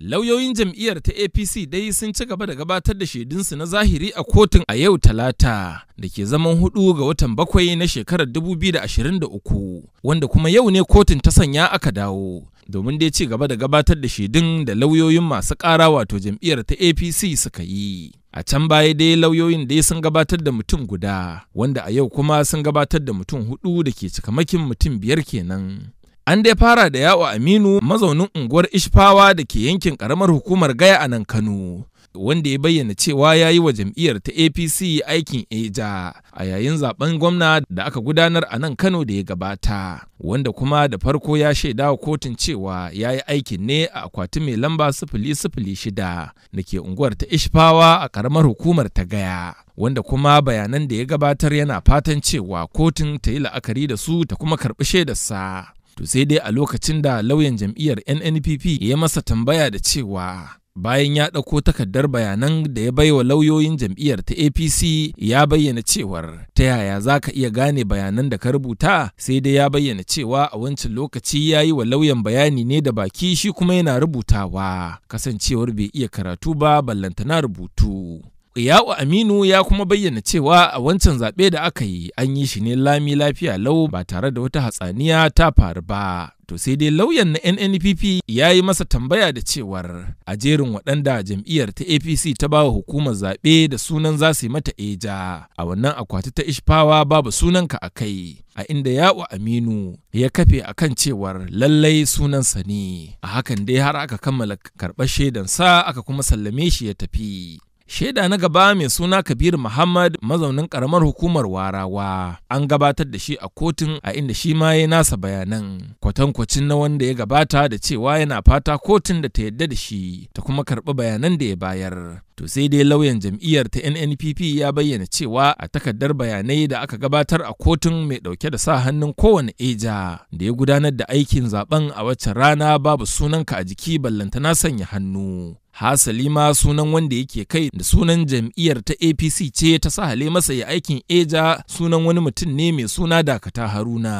Lauyoyin jam'iyyar ta APC dai sun ci gaba da gabatar da shaidunsu na zahiri a kotun a yau talata da ke zaman hudu ga watan bakwai na shekarar 2023 wanda kuma yau ne kotun ta sanya aka dawo domin dai ci gaba da gabatar da shaidun da lauyoyin masu ƙara wato jam'iyyar ta APC suka yi. A can baya dai lauyoyin dai sun gabatar da mutum guda wanda a yau kuma sun gabatar da mutum hudu da ke cikamakin mutum biyar kenan. An dai fara da yawo Aminu mazaunin unguwar Ishfawa da ke yankin karamar hukumar Gaya a nan Kano. Wanda ya bayyana cewa ya yi wa jam'iyyar ta APC aikin eja a yayin zaben gwamna da aka gudanar a nan Kano da ya gabata, wanda kuma da farko ya shaida wa kotun cewa ya yi aikin ne a akwati mai lamba sifili sifili shida da ke unguwar ta Ishfawa a karamar hukumar ta Gaya. wanda kuma bayanan da ya gabatar yana fatan cewa kotun ta yi la'akari da su ta kuma karɓi shaidarsa to sai dai a lokacin da lauyan jam'iyyar nnpp ya masa tambaya da cewa bayan ya ɗauko takardar bayanan da ya baiwa lauyoyin jam'iyyar ta apc ya bayyana cewar ta yaya za ka iya gane bayanan da ka rubuta sai dai ya bayyana cewa a wancan lokaci ya yi wa lauyan bayani ne da baki shi kuma yana rubutawa kasancewar bai iya karatu ba ballantana rubutu Ya'u Aminu ya kuma bayyana cewa a wancan zaɓe da aka yi an yi shi ne lami lafiya lau ba tare da wata hatsaniya ta faru ba. To sai dai lauyan na NNPP ya yi masa tambaya da cewar a jerin waɗanda jam'iyyar ta APC ta ba wa hukumar zaɓe da sunan za su yi mata eja a wannan akwati ta ishfawa babu sunanka a kai a inda yawo Aminu ya kafe a kan cewar lallai sunansa ne a hakan dai har aka kammala karɓar shaidansa aka kuma sallame shi ya tafi. Shaida na gaba mai suna Kabir Muhammad mazaunin karamar hukumar Warawa an gabatar da shi a kotun a inda shi ma ya nasa bayanan kwatankwacin na wanda ya gabata da cewa yana fata kotun da ta yadda da shi ta kuma karɓi bayanan da ya bayar. To sai dai lauyan jam'iyyar ta NNPP ya bayyana cewa a takardar bayanai da aka gabatar a kotun mai ɗauke da sa hannun kowane eja da ya gudanar da aikin zaben a waccan rana babu sunanka a jiki ballanta na sanya hannu. hasali ma sunan wanda yake kai da sunan jam'iyyar ta apc ce ta sahale masa ya aikin eja sunan wani mutum ne mai suna dakata haruna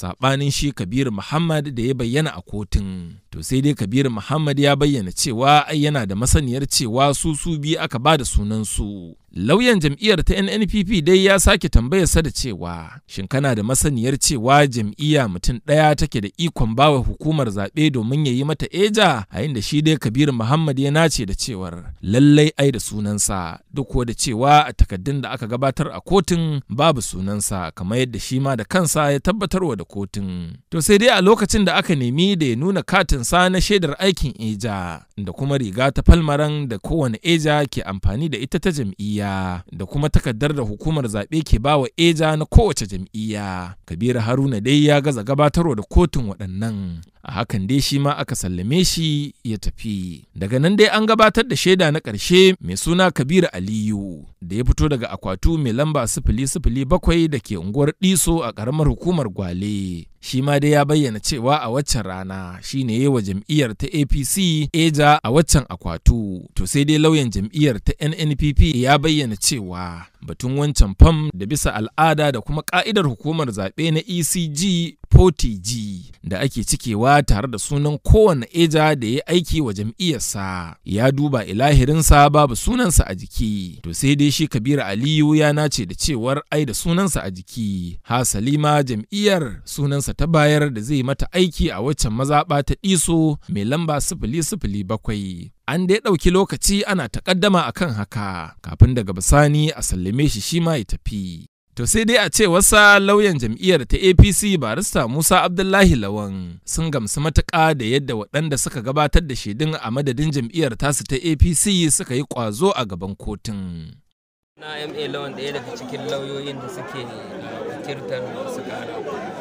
saɓanin shi Kabiru muhammad da ya bayyana a kotun to sai dai Kabiru muhammad ya bayyana cewa ai yana da masaniyar cewa su su biyu aka ba da sunan su lauyan jam'iyyar ta nnpp dai ya sake tambayarsa da cewa shin kana da masaniyar cewa jam'iyya mutum ɗaya take da ikon bawa hukumar zaɓe domin ya yi mata eja a inda shi dai Kabiru muhammad ya nace da cewar lallai ai da sunansa duk da cewa a takaddun da aka gabatar a kotun babu sunansa kamar yadda shi ma da kansa ya tabbatarwa da kotun to sai dai a lokacin da aka nemi da ya nuna katin katinsa na shaidar aikin eja da kuma riga ta falmaran da kowane eja ke amfani da ita ta jam'iyya da kuma takardar da hukumar zaɓe ke bawa eja na kowace jam'iyya kabiru haruna dai ya gaza gabatarwa da kotun waɗannan a hakan dai shi ma aka sallame shi ya tafi daga nan dai an gabatar da shaida na ƙarshe mai suna kabiru aliyu da ya fito daga akwatu mai lamba sifili sifili bakwai da ke unguwar ɗiso a ƙaramar hukumar gwale shi ma dai ya bayyana cewa a waccan rana shine ya wa jam'iyyar ta APC eja a waccan akwatu. To sai dai lauyan jam'iyyar ta NNPP ya bayyana cewa batun wancan fam da bisa al'ada da kuma ka'idar hukumar zaɓe na ecg 40g da ake cikewa tare da sunan kowane eja da ya aiki wa jam'iyyarsa ya duba ilahirinsa babu sunansa a jiki to sai dai shi kabiru aliyu ya nace da cewar ai da sunansa a jiki ha salima jam'iyyar sunansa ta bayar da zai mata aiki a waccan mazaɓa ta iso mai lamba sifili sifili bakwai an dai ɗauki lokaci ana taƙaddama a kan haka kafin daga bisani a sallame shi shi ma ya tafi. To sai dai a ce wasa lauyan jam'iyyar ta APC barista Musa Abdullahi Lawan sun gamsu matuƙa da yadda waɗanda suka gabatar da shaidun a madadin jam'iyyar tasu ta APC suka yi ƙwazo a gaban kotun. na ma lawan ɗaya daga cikin lauyoyin da suke eh, wakiltar su kara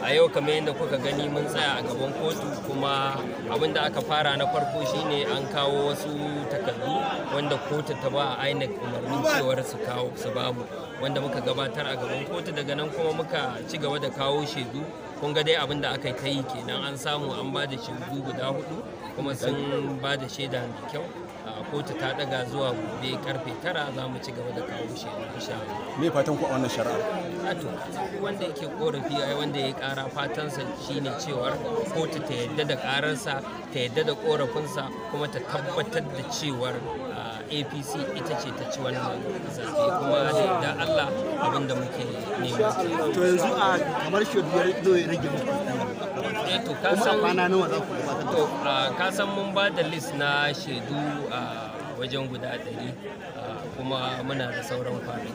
a yau kamar yadda kuka gani mun tsaya a gaban kotu kuma abin da aka fara na farko shine an kawo wasu takardu wanda kotu ta ba a inec umarnin cewar su kawo su babu wanda muka gabatar a gaban kotu daga nan kuma muka ci gaba da kawo shaidu kun ga dai abin da aka yi kenan an samu an ba da shaidu guda hudu kuma sun ba da shaida mai kyau kotu ta daga zuwa gobe karfe tara za mu ci gaba da kawo shi insha me fatan ku a wannan shari'a a to wanda yake korafi ai wanda ya kara fatansa shine cewar kotu ta yadda da kararsa ta yadda da korafinsa kuma ta tabbatar da cewar apc ita ce ta ci wannan zafi kuma da yadda allah abin da muke nema to yanzu a kamar shi biyar rage muku eh to ka san kwana nawa za ku to ka san mun ba da list na shaidu a wajen guda ɗari kuma muna da sauran kwanaki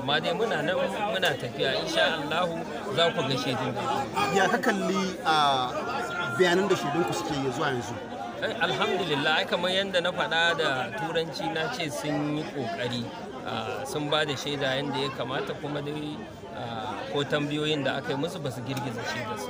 amma dai muna nan muna tafiya insha Allahu za ku ga shaidun da ya ka kalli bayanan da shaidun ku suke yi zuwa yanzu eh, alhamdulillah kamar yadda na faɗa da turanci na ce sun yi ƙoƙari sun ba da shaida yadda ya kamata kuma dai ko tambayoyin da aka yi musu ba su girgiza shaida su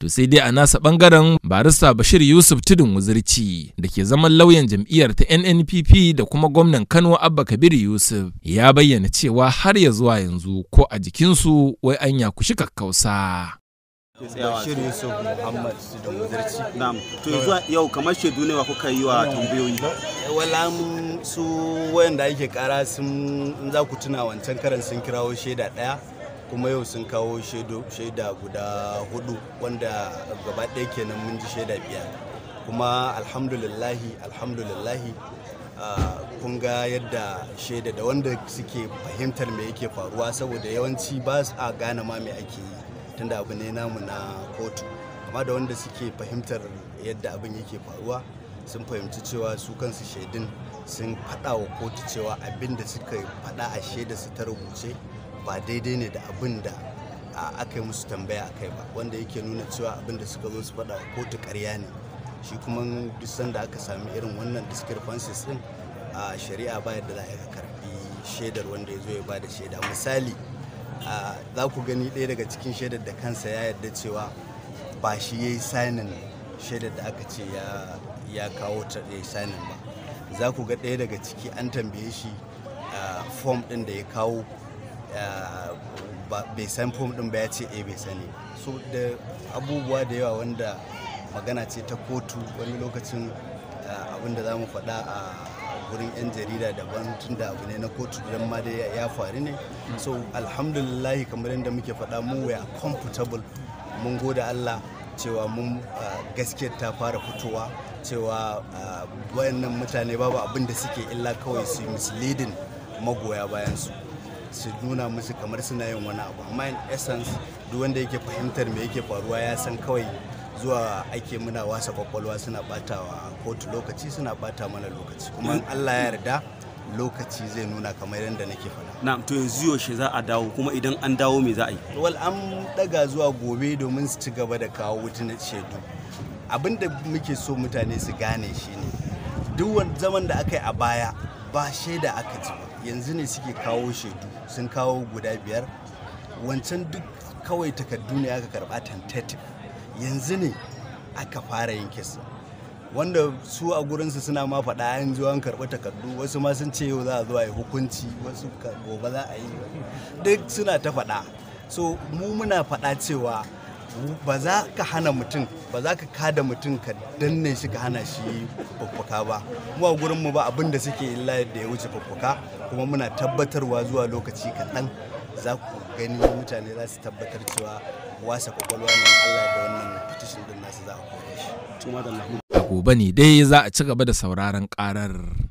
to sai dai a nasa bangaren barista bashir yusuf tudun wuzirci da ke zaman lauyan jam'iyyar ta nnpp da kuma gwamnan kano abba kabir yusuf ya bayyana cewa har ya zuwa yanzu ko a jikinsu wai an ya kushi kakkausa Bashir Yusuf Muhammad da Mudarci. Na'am. To zuwa yau kamar shaidu ne wa kuka yi wa tambayoyi. Wala su wayanda ake kara sun za ku tuna wancan karan sun kirawo shaida daya. kuma yau sun kawo shaida guda hudu wanda gaba ɗaya kenan mun ji shaida biyar kuma alhamdulillahi alhamdulillahi kun ga yadda shaida da wanda suke fahimtar me yake faruwa saboda yawanci ba a gane ma mai ake yi tunda abu ne namu na kotu amma da wanda suke fahimtar yadda abin yake faruwa sun fahimci cewa su kansu shaidun sun faɗa wa kotu cewa abin da suka faɗa a shaida su ta rubuce ba daidai ne da abin da aka yi musu tambaya a kai ba wanda yake nuna cewa abin da suka zo su faɗa kotu karya ne shi kuma duk sanda aka sami irin wannan discrepancies din a shari'a ba yadda za a karbi shaidar wanda ya zo ya bada shaida misali za ku gani ɗaya daga cikin shaidar da kansa ya yarda cewa ba shi ya yi sanin shaidar da aka ce ya kawo ta ya yi sanin ba za ku ga ɗaya daga ciki an tambaye shi fom ɗin da ya kawo bai san fom din ba ya ce eh, bai sani so da abubuwa da yawa wanda magana ce ta kotu wani lokacin eh, abin da za mu faɗa a wurin 'yan jarida daban tun da abu ne na kotu don ma da ya faru ne so alhamdulillahi kamar yadda muke faɗa mu we are comfortable mun gode allah cewa mun eh, gaskiyar ta fara fitowa cewa wayannan mutane babu abin da suke illa kawai su misleading magoya bayan su su nuna musu kamar suna yin wani abu amma in essence duk wanda yake fahimtar me yake faruwa ya san kawai zuwa ake muna wasa kwakwalwa suna batawa kotu lokaci suna bata mana lokaci kuma in Allah ya yarda lokaci zai nuna kamar yadda nake faɗa. na to yanzu yaushe za a dawo kuma idan an dawo me za a yi wal an daga zuwa gobe domin su ci gaba da kawo wutunan shaidu shedu abinda muke so mutane su gane shine duk zaman da aka yi a baya ba shaida aka ji ba yanzu ne suke kawo shaidu sun kawo guda biyar wancan duk kawai takardu ne aka karba tentative yanzu ne aka fara yin kisa wanda su a gurinsu suna ma faɗa an yanzu an karɓi takardu wasu ma sun ce yau za a zo a yi hukunci wasu gobe za a yi duk suna ta faɗa so mu muna faɗa cewa ba za ka hana mutum ba za ka kada mutum ka danne shi ka hana shi fafuka ba mu a gurin mu ba abin da suke illa da ya wuce fafuka kuma muna tabbatarwa zuwa lokaci kaɗan za ku gani mutane za su tabbatar cewa wasa kwakwalwa ne Allah da wannan petition din nasu za a kore shi. A gobe ne dai za a ci gaba da sauraron karar.